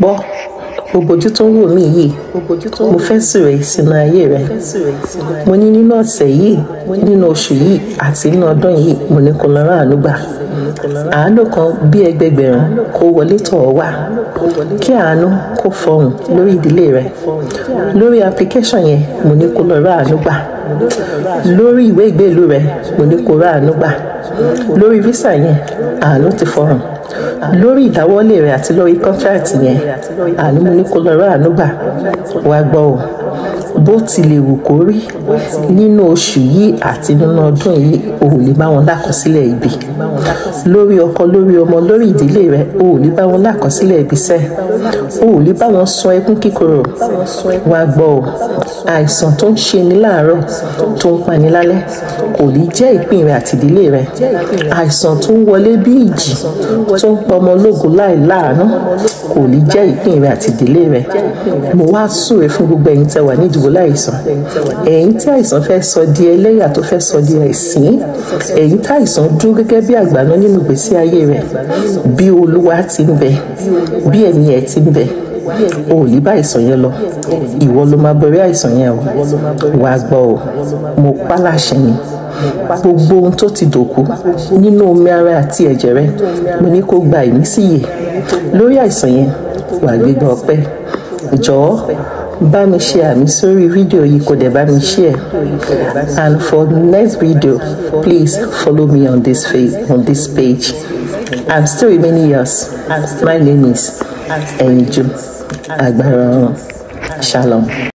gbọ́ gbogbo ojú tó ń wò mí yìí mo fẹ́ sùrẹ̀ ìsinmi ayé rẹ mo ní nínú ọ̀sẹ̀ yìí nínú oṣù yìí àti nínú ọdún yìí mo ní kó lọ́rọ̀ àlùgbà àánú kan bí ẹgbẹgbẹ̀rún kó wọlé tọ̀ ọ́ wá kí àánú kó fọhùn lórí ìdílé rẹ lórí application yẹn mo ní kó lọ́rọ̀ àlùgbà lórí ìwé ìgbélú rẹ mo ní kó rà lórí visa yẹn àánú ti fọhùn lórí ìdáwọ́lé rẹ̀ àti lórí kọ́ńtíráàtì yẹn àánú mo ní kó lọ rọ àánú gbà gbọ́ o bó tilẹ̀ wù kó rí nínú oṣù yìí àti nínú ọdún yìí o ò lè bá wọn lákọsílẹ̀ ibi lórí ọkọ lórí ọmọ lórí ìdílé rẹ o ò lè bá wọn lákọsílẹ̀ ibi sẹ́ o ò lè bá wọn sọ ẹkún kíkorò wá gbọ́ ọ àìsàn tó ń ṣe ni láàárọ̀ tó ń pani lálẹ́ kò ní jẹ́ ìpín rẹ àti ìdílé rẹ àìsàn tó ń wọlé bí ìjì tó ń pọmọ lógun láì láàánú kò ní jẹ́ ìpín rẹ àti ìdílé rẹ mo wá súre fún gbogbo ẹ̀yin tẹ́ nídìbò láìsàn ẹ̀yin tí àìsàn fẹ́ sọ di ẹlẹ́yà tó fẹ́ sọ di ẹ̀sìn ẹ̀yin tí àìsàn dúró gẹ́gẹ́ bí àgbàná nínú ìgbésí ayé rẹ̀ bí olúwa ti ń bẹ bí ẹ̀mí ẹ̀ ti ń bẹ o ò ní bá àìsàn yẹn lọ ìwọ ló máa borí àìsàn yẹn o wàá gbọ́ o mo pa láṣẹ ni gbogbo ohun tó ti dòkú nínú omi ara àti ẹ̀jẹ̀ rẹ mo ní kó gba ìmísí yè lórí àìsàn yẹn wàá gbégbá ọpẹ́ jọ̀ọ́ bá mi ṣe àmì sórí fídíò yìí kò dẹ̀ bá mi share and for next video please follow me on this, face, on this page i'm still remaining yours my name is Ẹ̀yìnjú Agbára shalom.